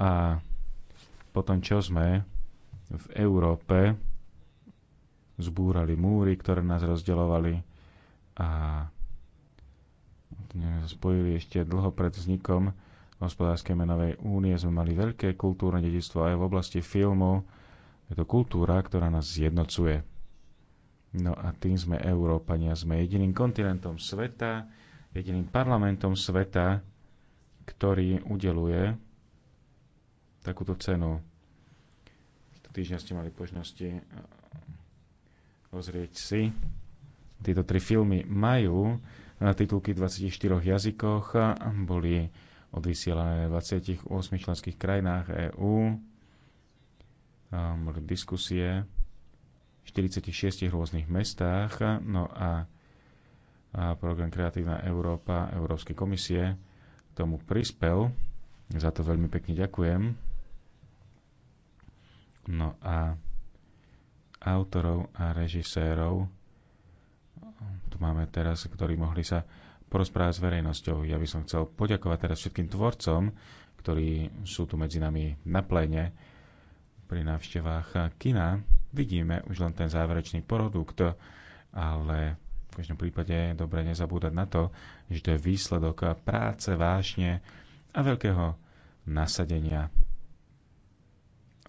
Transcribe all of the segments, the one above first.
A potom, čo sme v Európe zbúrali múry, ktoré nás rozdeľovali a spojili ešte dlho pred vznikom hospodárskej menovej únie. Sme mali veľké kultúrne dedictvo aj v oblasti filmu. Je to kultúra, ktorá nás zjednocuje. No a tým sme Európania. Sme jediným kontinentom sveta, jediným parlamentom sveta, ktorý udeluje takúto cenu. Týždňa ste mali možnosti eh, pozrieť si. Tieto tri filmy majú eh, titulky v 24 jazykoch, eh, boli odvysielané v 28 členských krajinách EÚ, boli diskusie v 46 rôznych mestách, no a, a program Kreatívna Európa Európskej komisie tomu prispel. Za to veľmi pekne ďakujem. No a autorov a režisérov, tu máme teraz, ktorí mohli sa porozprávať s verejnosťou. Ja by som chcel poďakovať teraz všetkým tvorcom, ktorí sú tu medzi nami na plene pri návštevách kina. Vidíme už len ten záverečný produkt, ale v každom prípade je dobre nezabúdať na to, že to je výsledok práce, vášne a veľkého nasadenia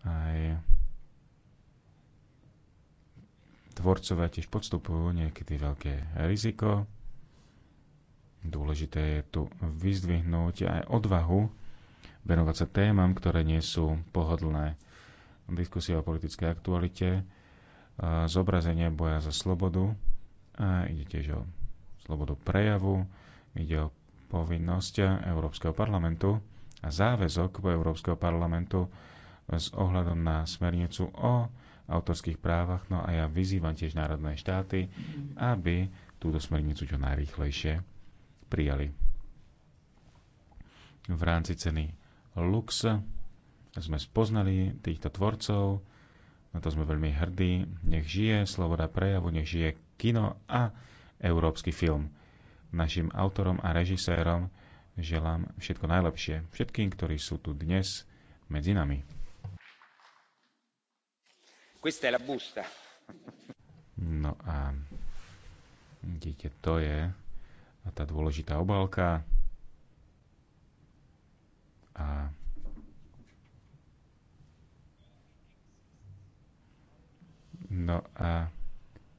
aj tvorcovia tiež podstupujú niekedy veľké riziko. Dôležité je tu vyzdvihnúť aj odvahu venovať sa témam, ktoré nie sú pohodlné. Diskusia o politickej aktualite, zobrazenie boja za slobodu, a ide tiež o slobodu prejavu, ide o povinnosť Európskeho parlamentu a záväzok Európskeho parlamentu s ohľadom na smernicu o autorských právach. No a ja vyzývam tiež národné štáty, aby túto smernicu čo najrýchlejšie prijali. V rámci ceny Lux sme spoznali týchto tvorcov, na to sme veľmi hrdí. Nech žije sloboda prejavu, nech žije kino a európsky film. Našim autorom a režisérom želám všetko najlepšie. Všetkým, ktorí sú tu dnes medzi nami. Questa è la busta. No a vidíte, to je tá dôležitá obálka. A No a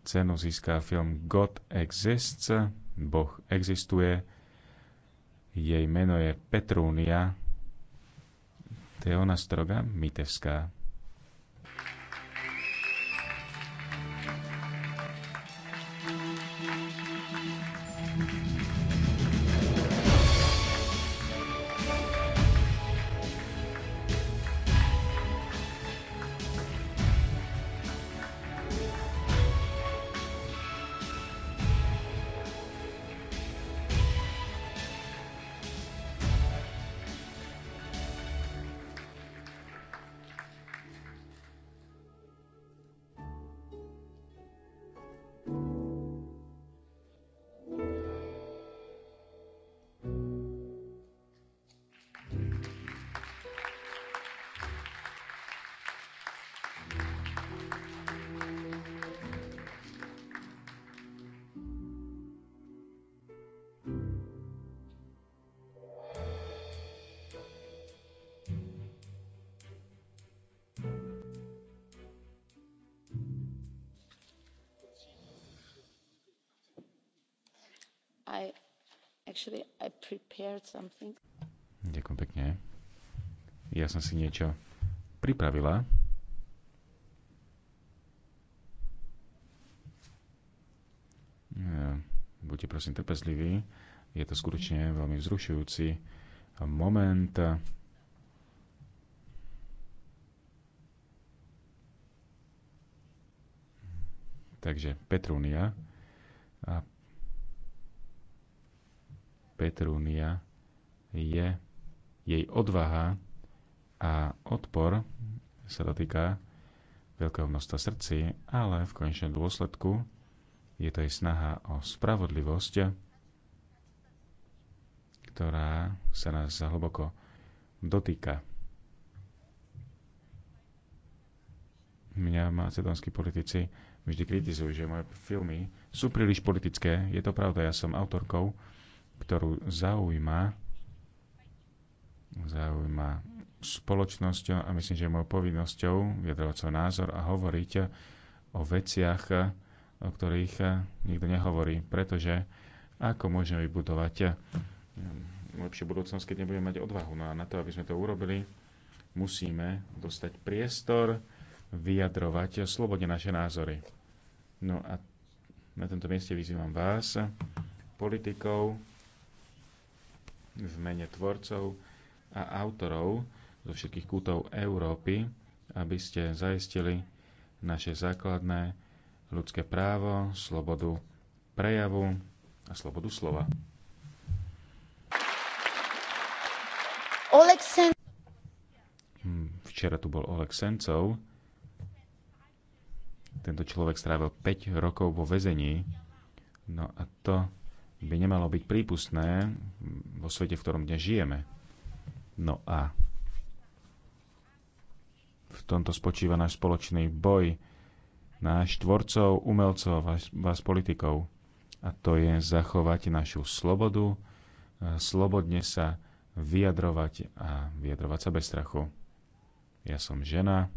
cenu získá film God Exists, Boh existuje. Jej meno je Petrúnia ona Stroga Mitevská. I actually I prepared something. Ďakujem pekne. Ja som si niečo pripravila. Buďte prosím trpezliví. Je to skutočne veľmi vzrušujúci moment. Takže Petrúnia Petrúnia je jej odvaha a odpor sa dotýka veľkého množstva srdci, ale v konečnom dôsledku je to aj snaha o spravodlivosť, ktorá sa nás hlboko dotýka. Mňa macedonskí politici vždy kritizujú, že moje filmy sú príliš politické. Je to pravda, ja som autorkou ktorú zaujíma, zaujíma spoločnosťou a myslím, že je mojou povinnosťou vyjadrovať svoj názor a hovoriť o veciach, o ktorých nikto nehovorí, pretože ako môžeme vybudovať um, lepšiu budúcnosť, keď nebudeme mať odvahu. No a na to, aby sme to urobili, musíme dostať priestor, vyjadrovať slobodne naše názory. No a na tomto mieste vyzývam vás, politikov, v mene tvorcov a autorov zo všetkých kútov Európy, aby ste zaistili naše základné ľudské právo, slobodu prejavu a slobodu slova. Oleksen... Hm, včera tu bol Oleg Sencov. Tento človek strávil 5 rokov vo vezení. No a to by nemalo byť prípustné vo svete, v ktorom dnes žijeme. No a v tomto spočíva náš spoločný boj, náš tvorcov, umelcov, vás, vás politikov. A to je zachovať našu slobodu, slobodne sa vyjadrovať a vyjadrovať sa bez strachu. Ja som žena,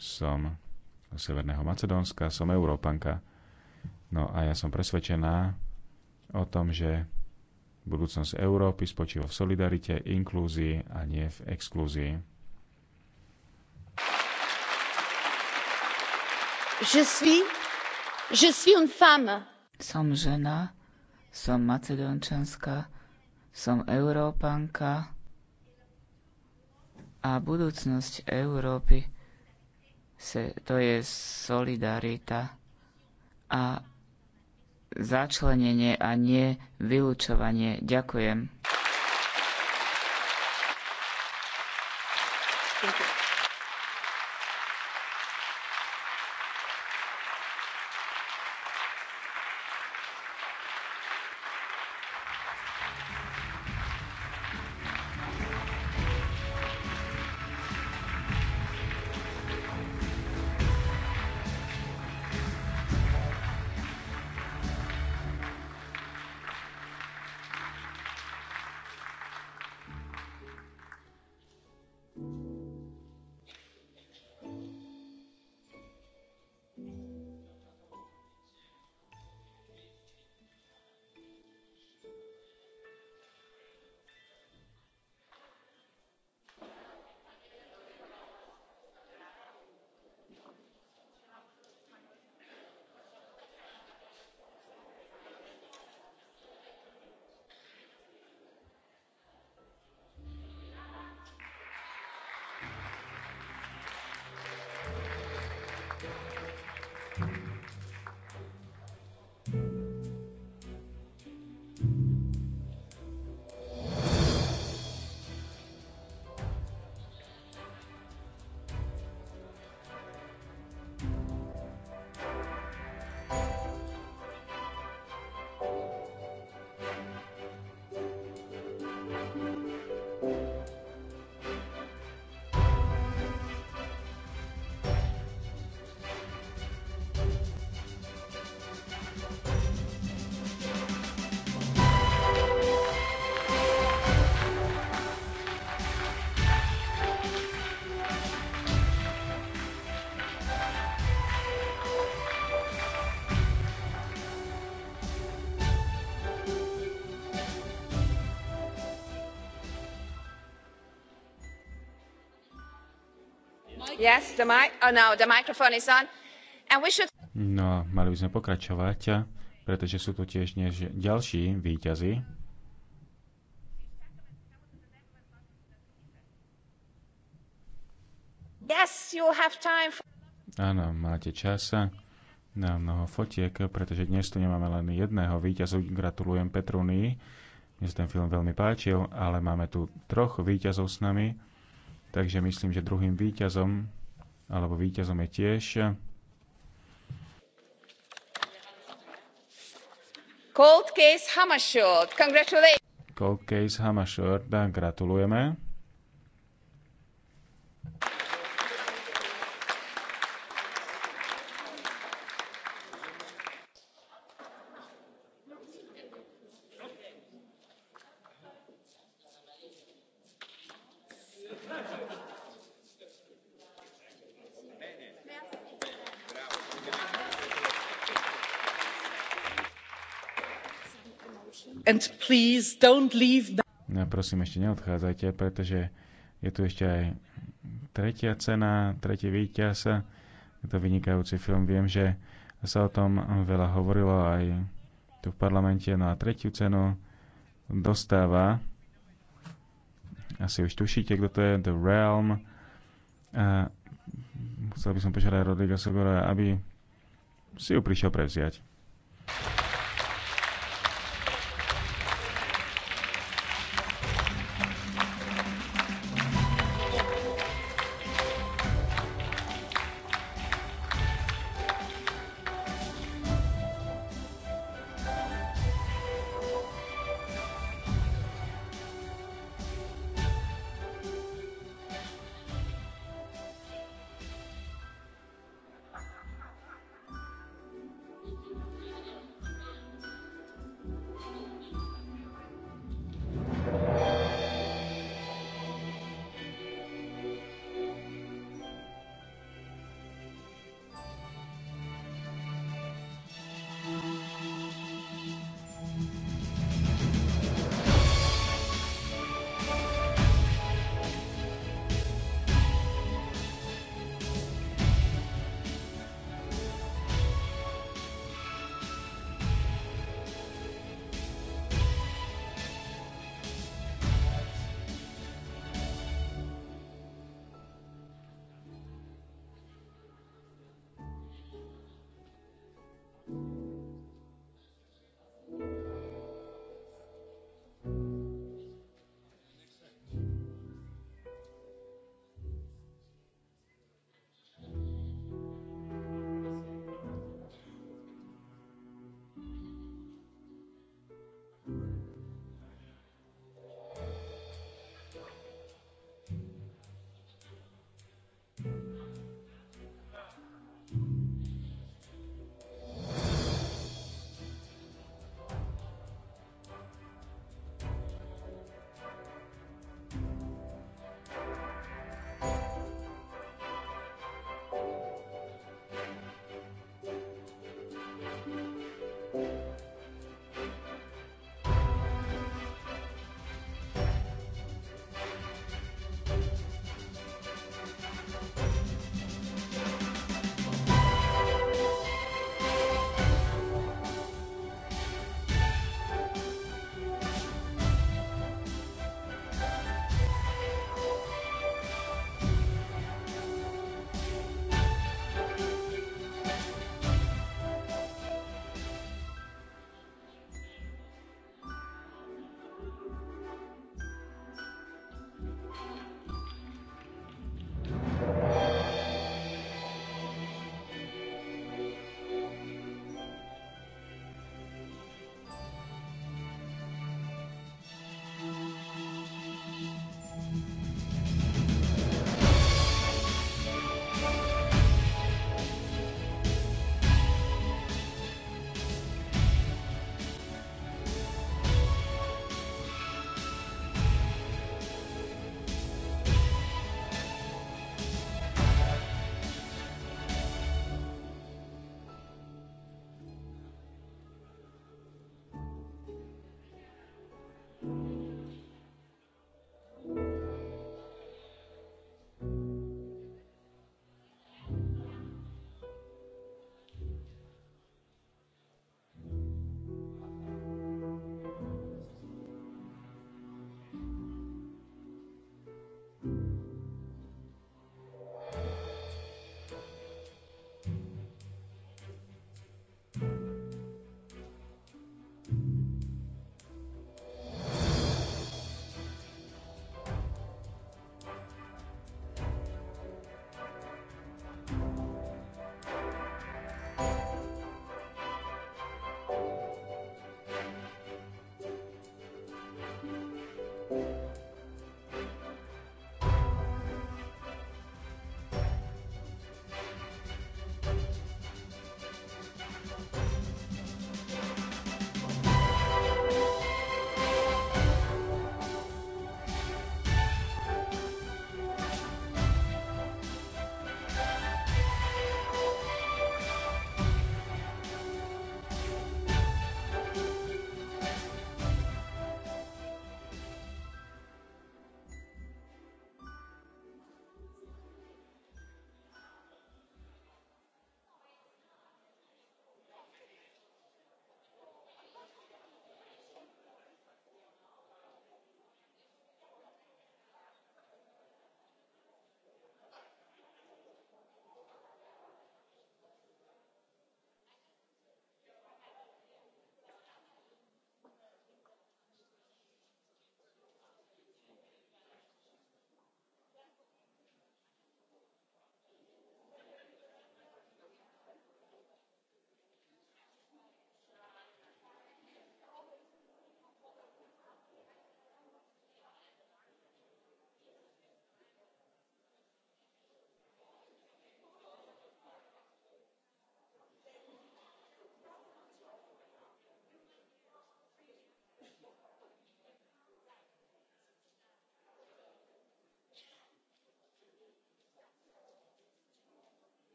som z Severného Macedónska, som Európanka No a ja som presvedčená o tom, že budúcnosť Európy spočíva v solidarite, inklúzii a nie v exklúzii. Je suis, je suis une femme. Som žena, som macedončanská, som európanka a budúcnosť Európy se, to je solidarita. A začlenenie a nie vylúčovanie. Ďakujem. Oh, no, a no, mali by sme pokračovať, pretože sú tu tiež než ďalší výťazí. Áno, máte čas na mnoho fotiek, pretože dnes tu nemáme len jedného víťazu. Gratulujem Petruny. mne sa ten film veľmi páčil, ale máme tu troch víťazov s nami. Takže myslím, že druhým výťazom alebo výťazom je tiež Cold case Hamashort, Congratulations. Cold case Hamashort, Gratulujeme. don't leave... No prosím, ešte neodchádzajte, pretože je tu ešte aj tretia cena, tretie víťaz. Je to vynikajúci film. Viem, že sa o tom veľa hovorilo aj tu v parlamente. No a tretiu cenu dostáva, asi už tušíte, kto to je, The Realm. A chcel by som požiadať Rodrigo Sogora, aby si ju prišiel prevziať.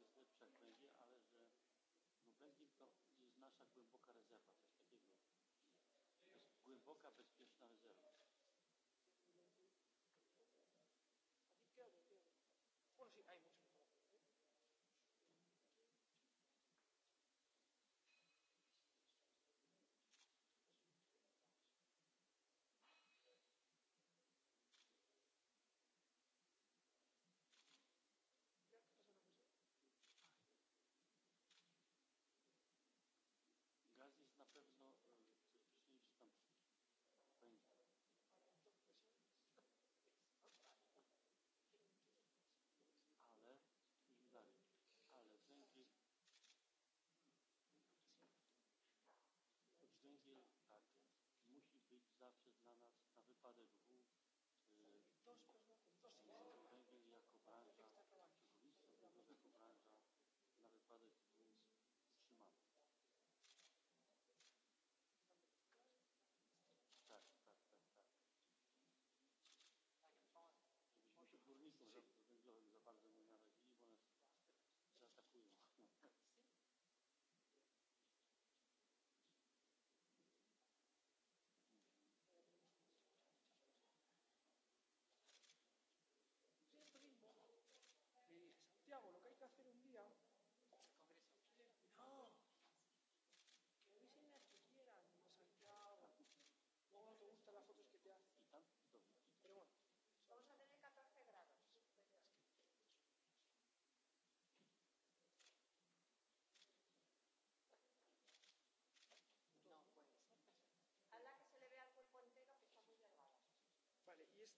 razie wszak będzie, ale że no będzie to jest nasza głęboka rezerwa, coś takiego. To jest głęboka, bezpieczna rezerwa. patrzeć na nas na wypadek WW, węgiel jako branża, górnictwo jako branża, na wypadek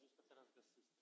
už sme teraz bez systému.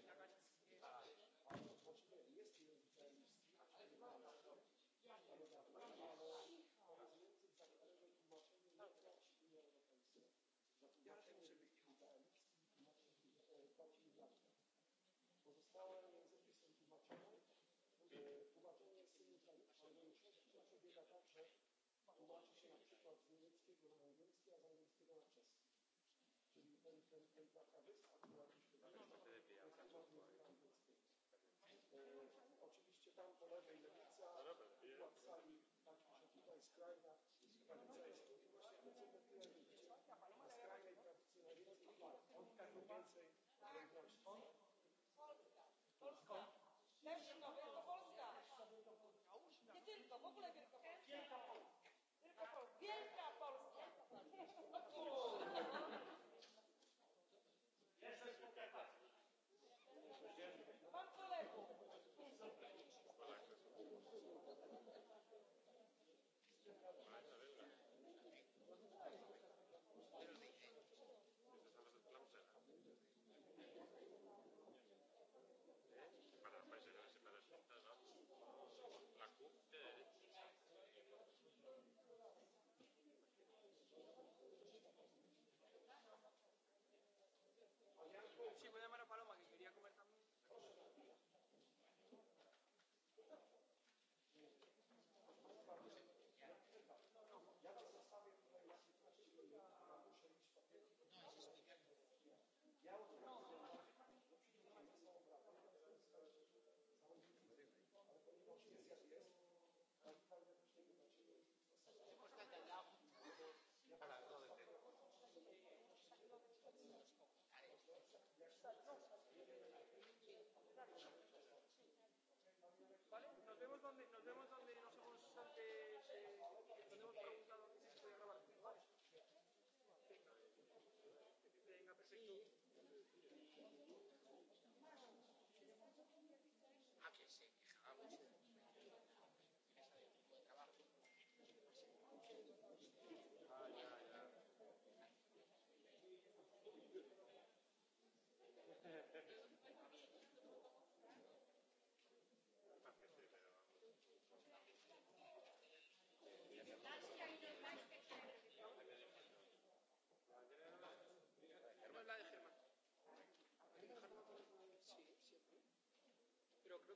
tłumaczy się na przykład z niemieckiego na angielski, a z angielskiego na czeski. Czyli ten, ten, ten taka wyspa, która dziś tutaj jest, jest na angielskiego. cuál es?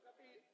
lo capì